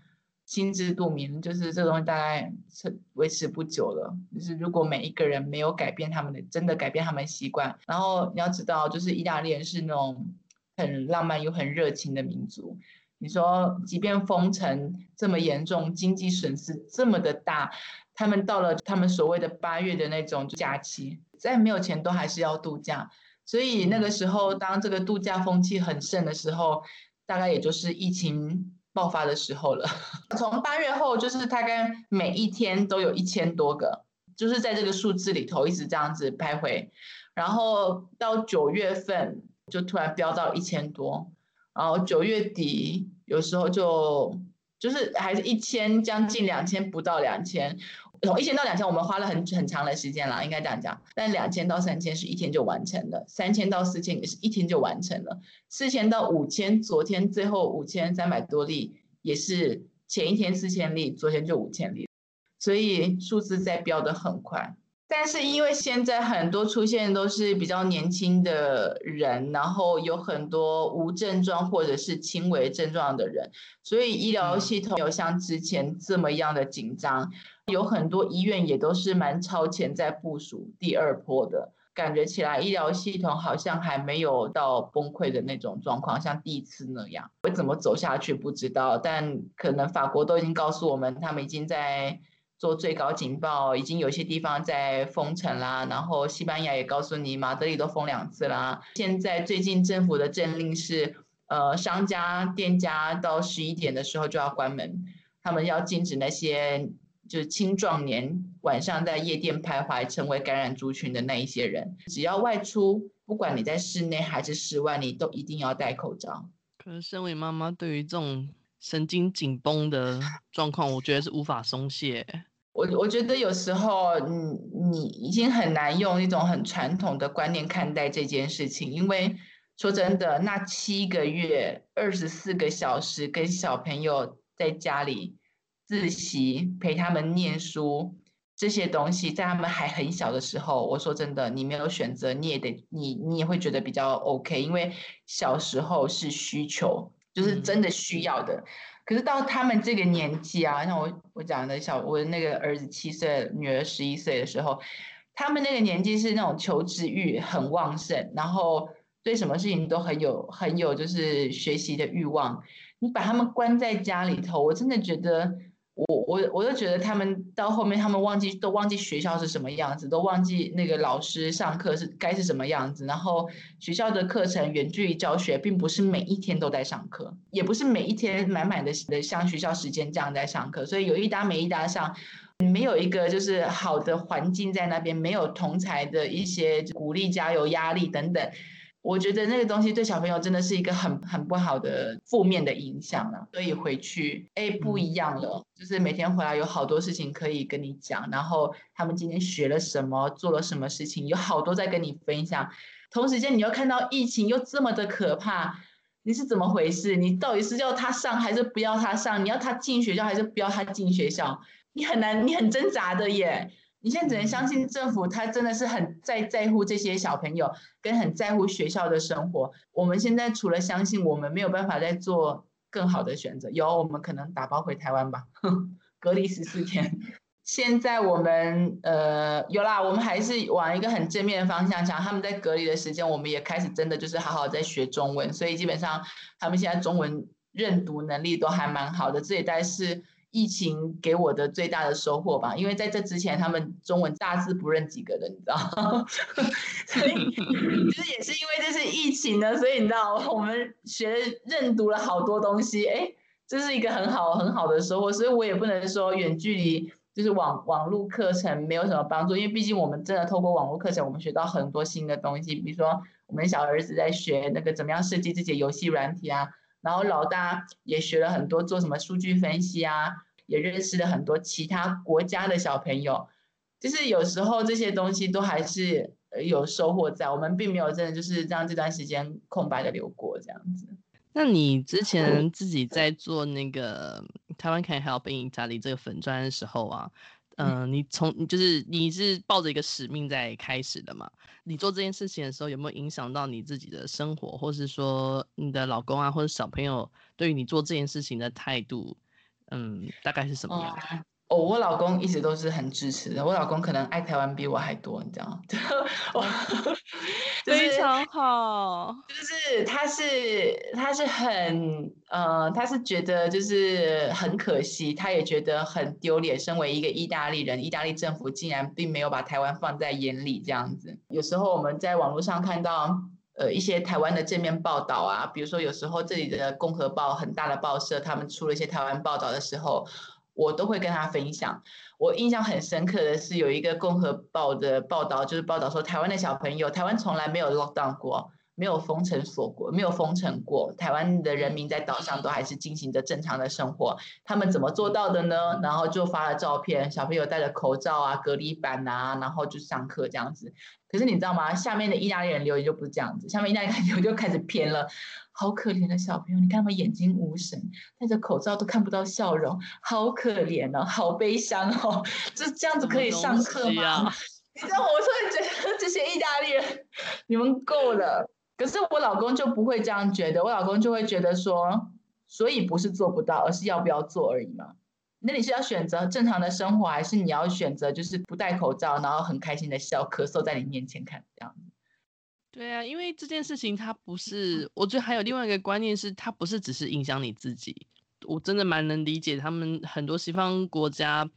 心知肚明，就是這東西大概是維持不久了。就是如果每一個人沒有改變他們的，真的改變他們的習慣，然後你要知道，就是意大利人是那種很浪漫又很熱情的民族。你說，即便封城這麼嚴重，經濟損失這麼的大，他們到了他們所謂的八月的那種假期，再沒有錢都還是要度假。所以那個時候，當這個度假風氣很盛的時候，大概也就是疫情爆發的時候了，從八月後就是大概每一天都有一千多個，就是在這個數字裡頭一直這樣子徘徊，然後到九月份就突然飆到一千多，然後九月底有時候就就是還是一千將近兩千不到兩千。從一千到兩千，我們花了很很長的時間了，應該這樣講。但兩千到三千是一天就完成了，三千到四千也是一天就完成了，四千到五千，昨天最後五千三百多例也是前一天四千例，昨天就五千例，所以數字在飆得很快。但是因為現在很多出現都是比較年輕的人，然後有很多無症狀或者是輕微症狀的人，所以醫療系統有像之前這麼樣的緊張。有很多醫院也都是蠻超前在部署第二波的，感覺起來，醫療系統好像還沒有到崩潰的那種狀況，像第一次那樣。我怎麼走下去不知道，但可能法國都已經告訴我們，他們已經在做最高警報，已經有些地方在封城啦。然後西班牙也告訴你，馬德里都封兩次啦。現在最近政府的政令是，呃，商家店家到十一點的時候就要關門，他們要禁止那些。就是青壯年晚上在夜店徘徊，成為感染族群的那一些人，只要外出，不管你在室內還是室外，你都一定要戴口罩。可是身為媽媽，對於這種神經緊繃的狀況，我覺得是無法鬆懈。 我我覺得有時候你，你你已經很難用一種很傳統的觀念看待這件事情，因為說真的，那七個月二十四個小時跟小朋友在家裡。自習陪他們念書這些東西，在他們還很小的時候，我說真的，你沒有選擇，你也得你你也會覺得比較 OK，因為小時候是需求，就是真的需要的。嗯。可是到他們這個年紀啊，像我我講的小，小我的那個兒子七歲，女兒十一歲的時候，他們那個年紀是那種求知慾很旺盛，然後對什麼事情都很有很有就是學習的慾望。你把他們關在家裡頭，我真的覺得。我我我就覺得他們到後面，他們忘記都忘記學校是什麼樣子，都忘記那個老師上課是該是什麼樣子，然後學校的課程遠距離教學，並不是每一天都在上課，也不是每一天滿滿的的像學校時間這樣在上課，所以有一搭沒一搭上，沒有一個就是好的環境在那邊，沒有同儕的一些鼓勵加油壓力等等。我覺得那個東西對小朋友真的是一個很很不好的負面的影響了。所以回去，誒、欸，不一樣了、嗯，就是每天回來有好多事情可以跟你講，然後他們今天學了什麼，做了什麼事情，有好多在跟你分享。同時間，你又看到疫情又這麼的可怕，你是怎麼回事？你到底是要他上還是不要他上？你要他進學校還是不要他進學校？你很難，你很掙扎的耶。你現在只能相信政府，他真的是很在在乎這些小朋友，跟很在乎學校的生活。我們現在除了相信，我們沒有辦法再做更好的選擇。有，我們可能打包回台灣吧，隔離十四天。現在我們呃有啦，我們還是往一個很正面的方向想。他們在隔離的時間，我們也開始真的就是好好在學中文，所以基本上他們現在中文認讀能力都還蠻好的。這一代是。疫情給我的最大的收穫吧，因為在這之前，他們中文大字不認幾個的，你知道， 所以就是也是因為這次疫情呢，所以你知道我們學認讀了好多東西，哎，這是一個很好很好的收穫，所以我也不能說遠距離就是網網絡課程沒有什麼幫助，因為畢竟我們真的透過網絡課程，我們學到很多新的東西，比如說我們小兒子在學那個怎麼樣設計自己的遊戲軟體啊。然後老大也學了很多做什麼數據分析啊，也認識了很多其他國家的小朋友，就是有時候這些東西都還是有收穫在，我們並沒有真的就是讓這段時間空白的流過這樣子。那你之前自己在做那個 Taiwan can help in Italy 這個粉專的時候啊，嗯，呃，你從就是你是抱着一個使命在開始的嘛？你做這件事情的時候有沒有影響到你自己的生活，或是說你的老公啊，或者小朋友對於你做這件事情的態度？嗯，大概是什麼樣？哦，哦，我老公一直都是很支持的。我老公可能愛台灣比我還多，你知道嗎？ 就是、非常好，就是他是他是很，呃，他是覺得就是很可惜，他也覺得很丟臉。身為一個意大利人意大利政府竟然並沒有把台灣放在眼裡，這樣子。有時候我們在網絡上看到，呃，一些台灣的正面報道啊，比如說有時候這裡的《共和報》很大的報社，他們出了一些台灣報道的時候，我都會跟他分享。我印象很深刻的是，有一個共和報的報道，就是報道說，台灣的小朋友，台灣從來沒有 lockdown 過。沒有封城鎖國，沒有封城過，台灣的人民在島上都還是進行着正常的生活。他們怎麼做到的呢？然後就發了照片，小朋友戴着口罩啊、隔離板啊，然後就上課這樣子。可是你知道嗎？下面的意大利人留言就不是這樣子，下面意大利人留言就開始偏了。好可憐的小朋友，你看他們眼睛無神，戴着口罩都看不到笑容，好可憐哦、啊，好悲傷哦。就這樣子可以上課嗎？啊、你知道我突然覺得 這些意大利人，你們夠了。可是我老公就不會這樣覺得，我老公就會覺得說，所以不是做不到，而是要不要做而已嘛。那你是要選擇正常的生活，還是你要選擇就是不戴口罩，然後很開心的笑，咳嗽在你面前看這樣子？對啊，因為這件事情它不是，我覺得還有另外一個觀念是，它不是只是影響你自己。我真的蠻能理解他們很多西方國家，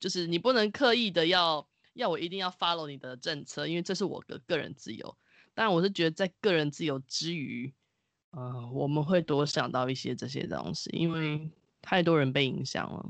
就是你不能刻意的要要我一定要 follow 你的政策，因為這是我的個人自由。但我是覺得，在個人自由之餘，呃，我們會多想到一些這些東西，因為太多人被影響了。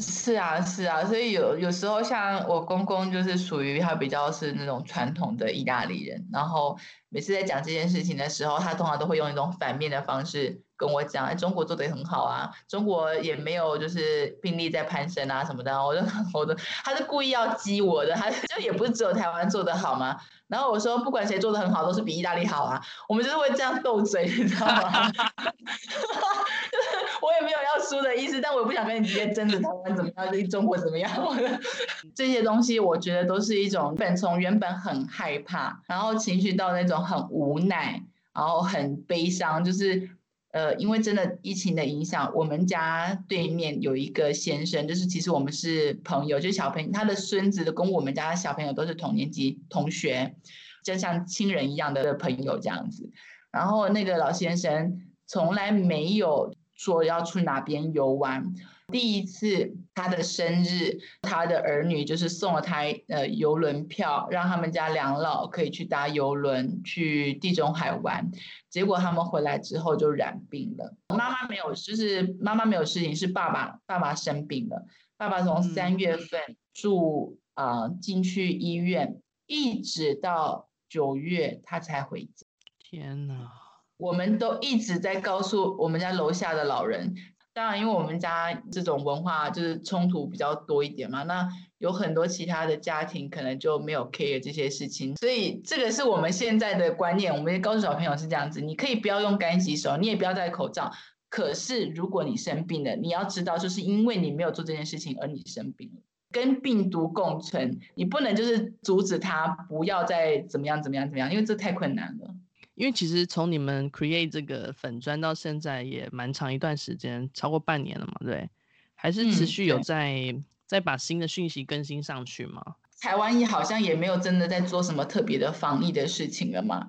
是啊，是啊，所以有有時候像我公公，就是屬於他比較是那種傳統的意大利人，然後每次在講這件事情的時候，他通常都會用一種反面的方式跟我講，哎，中國做得也很好啊，中國也沒有就是病例在攀升啊什麼的。我就，我就，他是故意要激我的，他就也不是只有台灣做得好嘛。然後我說，不管誰做得很好，都是比意大利好啊。我們就是會這樣鬥嘴，你知道嗎？就 是 我也沒有要輸的意思，但我也不想跟你直接爭着台灣怎麼樣，對中國怎麼樣。 這些東西我覺得都是一種，本從原本很害怕，然後情緒到那種很無奈，然後很悲傷，就是。呃，因為真的疫情的影響，我們家對面有一個先生，就是其實我們是朋友，就是小朋友，他的孫子跟我們家的小朋友都是同年級同學，就像親人一樣的朋友這樣子。然後那個老先生從來沒有說要去哪邊遊玩，第一次。他的生日，他的兒女就是送了他呃郵輪票，讓他們家兩老可以去搭郵輪去地中海玩。結果他們回來之後就染病了，媽媽沒有，就是媽媽沒有事情，是爸爸爸爸生病了。爸爸從三月份住啊、嗯呃、進去醫院，一直到九月他才回家。天哪，我們都一直在告訴我們家樓下的老人。當然，因為我們家這種文化就是衝突比較多一點嘛，那有很多其他的家庭可能就沒有 care 這些事情，所以這個是我們現在的觀念。我們告訴小朋友是這樣子：你可以不要用乾洗手，你也不要戴口罩。可是如果你生病了，你要知道，就是因為你沒有做這件事情而你生病了，跟病毒共存，你不能就是阻止他不要再怎麼樣怎麼樣怎麼樣，因為這太困難了。因為其實從你們 create 這個粉專到現在也蠻長一段時間，超過半年了嘛，對，還是持續有在、嗯、在把新的訊息更新上去嗎？台灣也好像也沒有真的在做什麼特別的防疫的事情了嘛。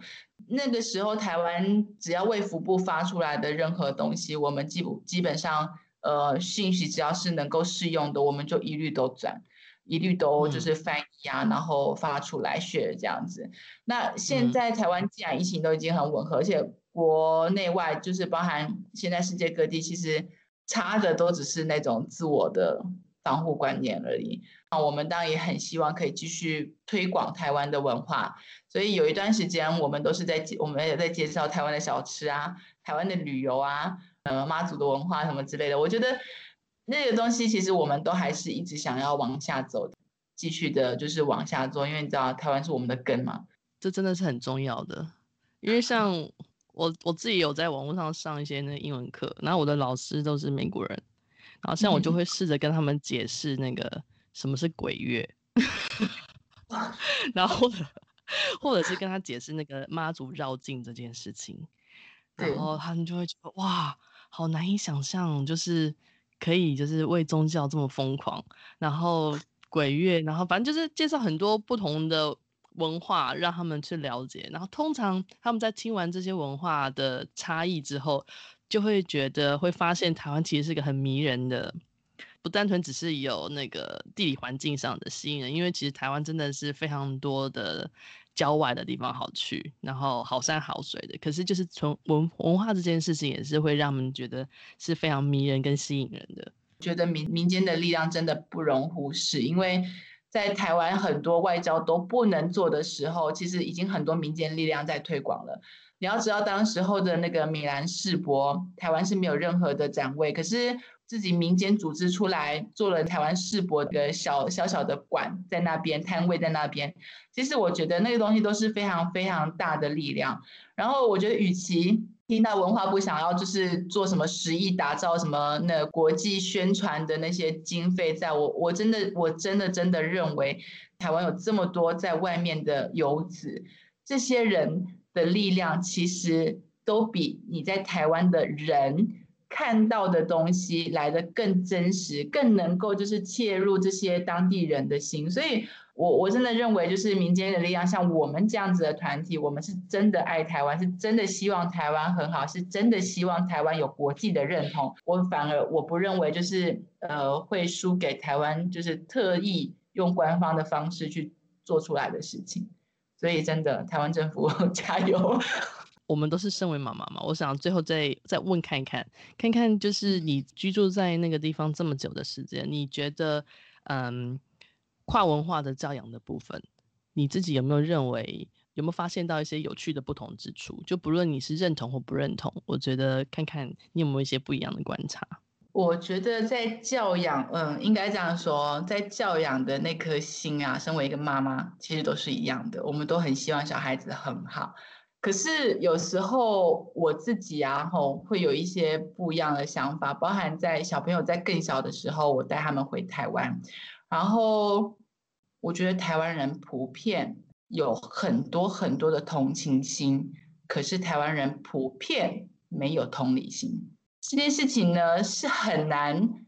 那個時候台灣只要衛福部發出來的任何東西，我們基基本上呃訊息只要是能夠適用的，我們就一律都轉。一律都就是翻譯啊、嗯，然後發出來學這樣子。那現在台灣既然疫情都已經很吻合，嗯、而且國內外就是包含現在世界各地，其實差的都只是那種自我的防護觀念而已那、啊、我們當然也很希望可以繼續推廣台灣的文化，所以有一段時間我們都是在，我們也在介紹台灣的小吃啊，台灣的旅遊啊，呃媽祖的文化什麼之類的。我覺得。那個東西其實我們都還是一直想要往下走的，繼續的，就是往下做。因為你知道，台灣是我們的根嘛，這真的是很重要的。因為像我我自己有在網絡上上一些那英文課，然後我的老師都是美國人，然後像我就會試着跟他們解釋那個什麼是鬼月，嗯、 然後或者，或者是跟他解釋那個媽祖繞境這件事情，然後他們就會覺得哇，好難以想象，就是。可以就是為宗教這麼瘋狂，然後鬼月，然後反正就是介紹很多不同的文化，讓他們去了解。然後通常他們在聽完這些文化的差異之後，就會覺得會發現台灣其實是個很迷人的，不單純只是有那個地理環境上的吸引人，因為其實台灣真的是非常多的。郊外的地方好去，然後好山好水的，可是就是從文文化這件事情也是會讓我們覺得是非常迷人跟吸引人的。覺得民民間的力量真的不容忽視，因為在台灣很多外交都不能做的時候，其實已經很多民間力量在推廣了。你要知道，當時候的那個米蘭世博，台灣是沒有任何的展位，可是，自己民間組織出來做了台灣世博的小小小的館，在那邊攤位在那邊，其實我覺得那個東西都是非常非常大的力量。然後我覺得，與其聽到文化部想要就是做什麼十億打造什麼那國際宣傳的那些經費，在我我真的我真的真的認為，台灣有這麼多在外面的游子，這些人的力量其實都比你在台灣的人，看到的東西來的更真實，更能夠就是切入這些當地人的心，所以我我真的認為就是民間的力量，像我們這樣子的團體，我們是真的愛台灣，是真的希望台灣很好，是真的希望台灣有國際的認同。我反而我不認為就是呃會輸給台灣，就是特意用官方的方式去做出來的事情。所以真的，台灣政府加油。我們都是身為媽媽嘛，我想最後再再問看一看，看看就是你居住在那個地方這麼久的時間，你覺得，嗯，跨文化的教養的部分，你自己有沒有認為，有沒有發現到一些有趣的不同之處？就不論你是認同或不認同，我覺得看看你有沒有一些不一樣的觀察。我覺得在教養，嗯，應該這樣說，在教養的那顆心啊，身為一個媽媽，其實都是一樣的，我們都很希望小孩子很好。可是有時候我自己啊，吼，會有一些不一樣的想法，包含在小朋友在更小的時候，我帶他們回台灣，然後我覺得台灣人普遍有很多很多的同情心，可是台灣人普遍沒有同理心，這件事情呢是很難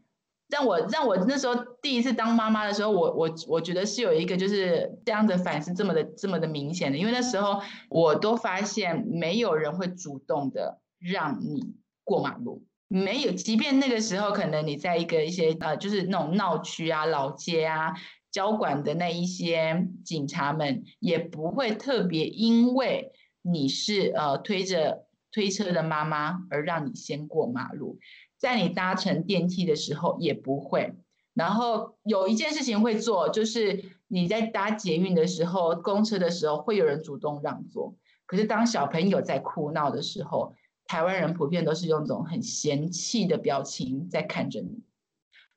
讓我讓我那時候。第一次當媽媽的時候，我我我覺得是有一個就是這樣的反思這麼的這麼的明顯的，因為那時候我都發現沒有人會主動的讓你過馬路，沒有，即便那個時候可能你在一個一些呃就是那種鬧區啊、老街啊，交管的那一些警察們也不會特別因為你是呃推着推車的媽媽而讓你先過馬路，在你搭乘電梯的時候也不會。然後有一件事情會做，就是你在搭捷運的時候、公車的時候，會有人主動讓座。可是當小朋友在哭鬧的時候，台灣人普遍都是用種很嫌棄的表情在看着你。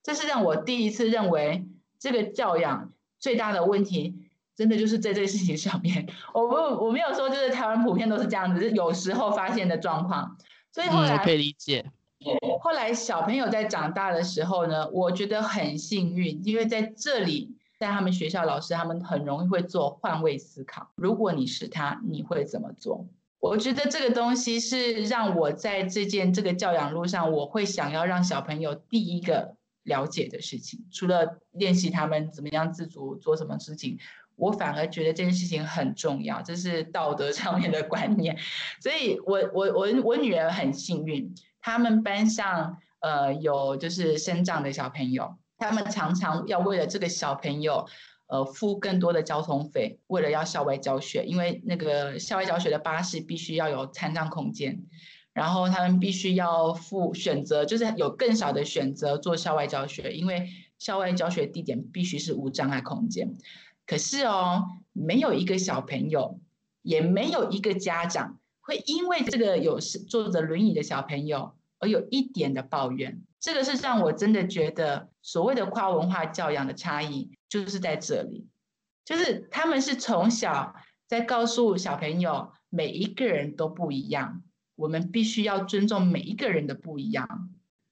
這是讓我第一次認為，這個教養最大的問題，真的就是在這個事情上面。我不我沒有說就是台灣普遍都是這樣子，是有時候發現的狀況。所以後來嗯，我可以理解。後來小朋友在長大的時候呢，我覺得很幸運，因為在這裡，在他們學校老師，他們很容易會做換位思考。如果你是他，你會怎麼做？我覺得這個東西是讓我在這件這個教養路上，我會想要讓小朋友第一個了解的事情。除了練習他們怎麼樣自主做什麼事情，我反而覺得這件事情很重要，這是道德上面的觀念。所以我我我我女兒很幸運。他們班上，呃，有就是身障的小朋友，他們常常要為了這個小朋友，呃，付更多的交通費，為了要校外教學，因為那個校外教學的巴士必須要有殘障空間，然後他們必須要付選擇，就是有更少的選擇做校外教學，因為校外教學的地點必須是無障礙空間。可是哦，沒有一個小朋友，也沒有一個家長。會因為這個有是坐着輪椅的小朋友而有一點的抱怨，這個是讓我真的覺得所謂的跨文化教養的差異就是在這裡，就是他們是從小在告訴小朋友每一個人都不一樣，我們必須要尊重每一個人的不一樣。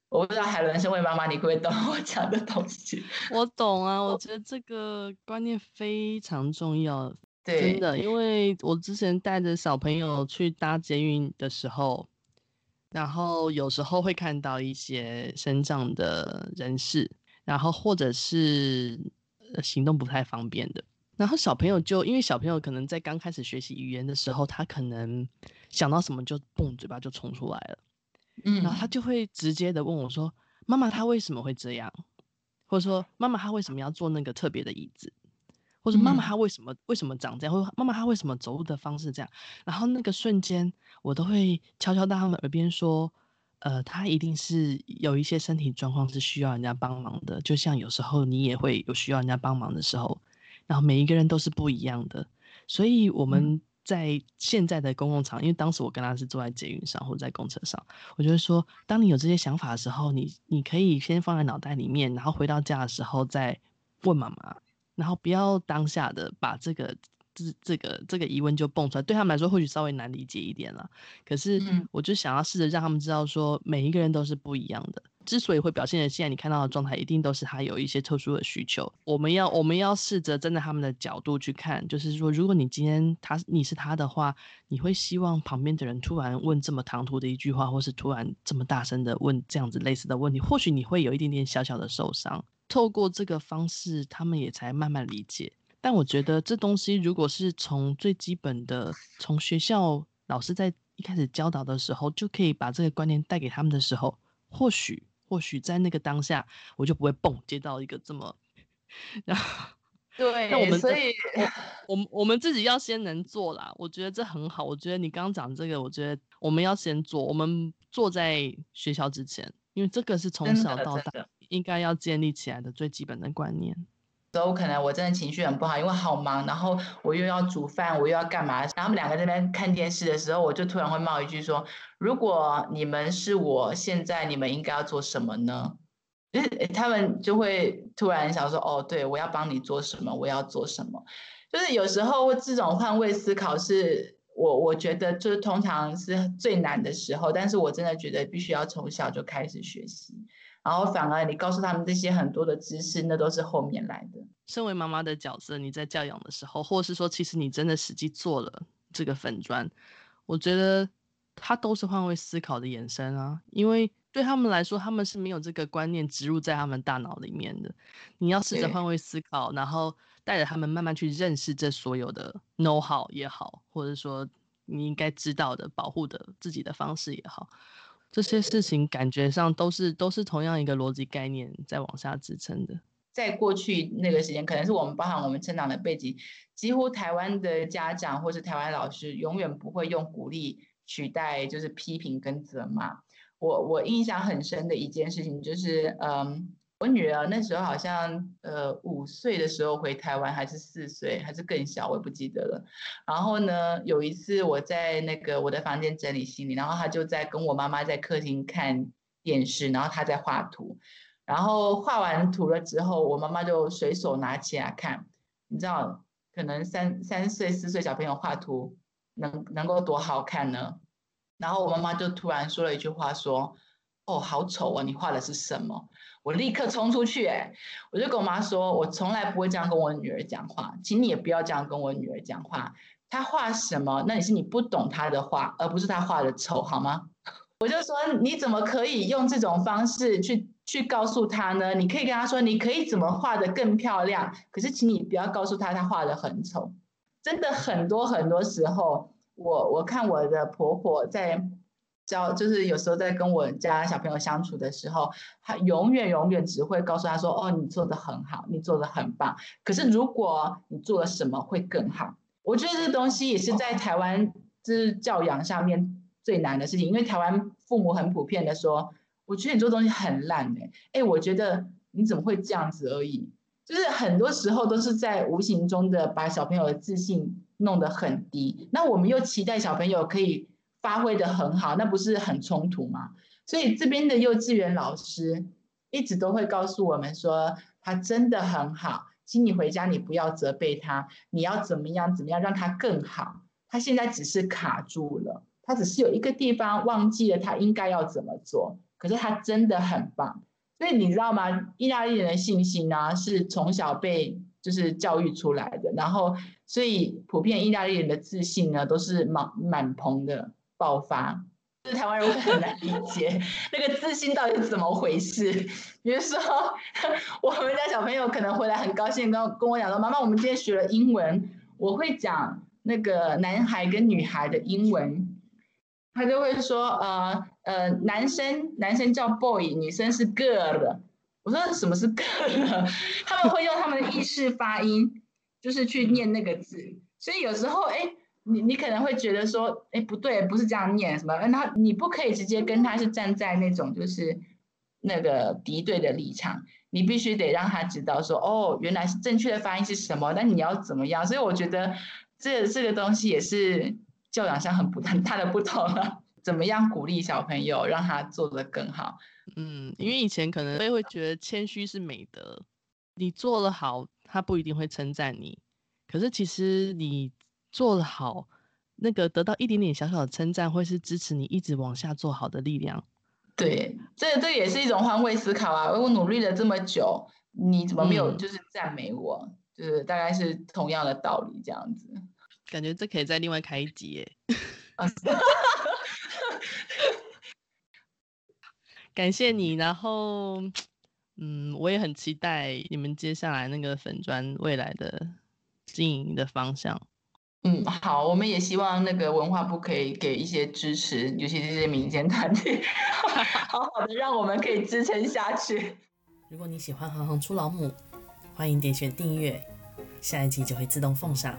我不知道海倫身為媽媽，你會不會懂我講的東西？我懂啊，我覺得這個觀念非常重要。對，真的，因為我之前帶着小朋友去搭捷運的時候，然後有時候會看到一些身障的人士，然後或者是行動不太方便的，然後小朋友就因為小朋友可能在剛開始學習語言的時候，他可能想到什麼就蹦嘴巴就衝出來了，嗯，然後他就會直接的問我說：“媽媽，他為什麼會這樣？”或者說：“媽媽，他為什麼要坐那個特別的椅子？”或者媽媽她為什麼、嗯、為什麼長這樣？或者媽媽她為什麼走路的方式這樣？然後那個瞬間，我都會悄悄在他們耳邊說：“呃，她一定是有一些身體狀況是需要人家幫忙的。就像有時候你也會有需要人家幫忙的時候。然後每一個人都是不一樣的，所以我們在現在的公共場，嗯、因為當時我跟他是坐在捷運上或者在公車上，我就會說：當你有這些想法的時候，你你可以先放在腦袋裡面，然後回到家的時候再問媽媽。”然後不要當下的把這個這這個這個疑問就蹦出來，對他們來說或許稍微難理解一點了。可是我就想要試着讓他們知道，說每一個人都是不一樣的。之所以會表現的現在你看到的狀態，一定都是他有一些特殊的需求。我們要我們要試着站在他們的角度去看，就是說，如果你今天他你是他的話，你會希望旁邊的人突然問這麼唐突的一句話，或是突然這麼大聲的問這樣子類似的問題，或許你會有一點點小小的受傷。透過這個方式，他們也才慢慢理解。但我覺得這東西，如果是從最基本的，從學校老師在一開始教導的時候，就可以把這個觀念帶給他們的時候，或許或許在那個當下，我就不會蹦接到一個這麼。然後對。那我們所以，我，我們我們自己要先能做啦。我覺得這很好。我覺得你剛剛講這個，我覺得我們要先做，我們坐在學校之前，因為這個是從小到大。應該要建立起來的最基本的觀念。都可能我真的情緒很不好，因為好忙，然後我又要煮飯，我又要幹嘛？然後他們兩個在那邊看電視的時候，我就突然會冒一句說：“如果你們是我現在，你們應該要做什麼呢？”就是、他們就會突然想說：“哦，對，我要幫你做什麼？我要做什麼？”就是有時候這種換位思考是，是我我覺得就是通常是最難的時候，但是我真的覺得必須要從小就開始學習。然後反而你告訴他們這些很多的知識，那都是後面來的。身為媽媽的角色，你在教養的時候，或者是說，其實你真的實際做了這個粉專，我覺得他都是換位思考的延伸啊。因為對他們來說，他們是沒有這個觀念植入在他們大腦裡面的。你要試着換位思考，然後帶着他們慢慢去認識這所有的 know how 也好，或者說你應該知道的保護的自己的方式也好。這些事情感覺上都是都是同樣一個邏輯概念在往下支撐的。在過去那個時間，可能是我們包含我們成長的背景，幾乎台灣的家長或是台灣老師永遠不會用鼓勵取代就是批評跟責罵。我我印象很深的一件事情就是，嗯。我女兒啊，那時候好像呃五歲的時候回台灣，還是四歲，還是更小，我也不記得了。然後呢，有一次我在那個我的房間整理行李，然後她就在跟我媽媽在客廳看電視，然後她在畫圖。然後畫完圖了之後，我媽媽就隨手拿起來看。你知道，可能三三歲、四歲小朋友畫圖能能夠多好看呢？然後我媽媽就突然說了一句話，說。哦，好醜啊、哦！你畫的是什麼？我立刻衝出去、欸，誒，我就跟我媽說，我從來不會這樣跟我女兒講話，請你也不要這樣跟我女兒講話。她畫什麼？那你是你不懂她的畫，而不是她畫的醜，好嗎？我就說，你怎麼可以用這種方式去去告訴她呢？你可以跟她說，你可以怎麼畫得更漂亮？可是，請你不要告訴她，她畫得很醜。真的，很多很多時候，我我看我的婆婆在。教就是有時候在跟我家小朋友相處的時候，他永遠永遠只會告訴他說：“哦，你做得很好，你做得很棒。”可是如果你做了什麼會更好？我覺得這東西也是在台灣就是教養上面最難的事情，因為台灣父母很普遍的說：“我覺得你做東西很爛哎哎，我覺得你怎麼會這樣子而已。”就是很多時候都是在無形中的把小朋友的自信弄得很低。那我們又期待小朋友可以，發揮的很好，那不是很衝突嗎？所以這邊的幼稚園老師一直都會告訴我們說，他真的很好，請你回家你不要責備他，你要怎麼樣怎麼樣讓他更好。他現在只是卡住了，他只是有一個地方忘記了他應該要怎麼做。可是他真的很棒，所以你知道嗎？意大利人的信心呢，啊，是從小被就是教育出來的，然後所以普遍意大利人的自信呢都是滿滿棚的，爆發，這台灣人會很難理解 那個自信到底是怎麼回事。比如說，我們家小朋友可能回來很高興，跟跟我講說媽媽，我們今天學了英文，我會講那個男孩跟女孩的英文。他就會說，呃呃，男生男生叫 boy，女生是 girl。我說什麼是 girl？ 他們會用他們的義式發音，就是去念那個字。所以有時候，哎、欸。你你可能會覺得說，哎、欸，不對，不是這樣念什麼？那他，你不可以直接跟他是站在那種就是那個敵對的立場，你必須得讓他知道說，哦，原來是正確的發音是什麼？那你要怎麼樣？所以我覺得這這個東西也是教養上很不大很大的不同了。 怎麼樣鼓勵小朋友讓他做得更好？嗯，因為以前可能都會覺得謙虛是美德，你做得好，他不一定會稱讚你。可是其實你。做的好，那個得到一點點小小的稱讚，或是支持你一直往下做好的力量。對，這這也是一種換位思考啊！我努力了這麼久，你怎麼沒有就是讚美我，嗯？就是大概是同樣的道理這樣子。感覺這可以再另外開一集耶。啊 感謝你，然後，嗯，我也很期待你們接下來那個粉專未來的經營的方向。嗯，好，我們也希望那個文化部可以給一些支持，尤其這些民間團體，好好的讓我們可以支撐下去。如果你喜歡《行行出老母》，歡迎點選訂閱，下一集就會自動奉上。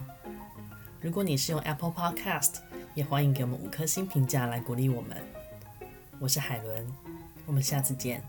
如果你是用 Apple Podcast，也歡迎給我們五顆星評價來鼓勵我們。我是海倫，我們下次見。